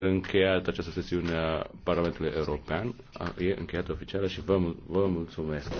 încheiat această sesiune a Parlamentului European. E încheiată oficială și vă, vă mulțumesc.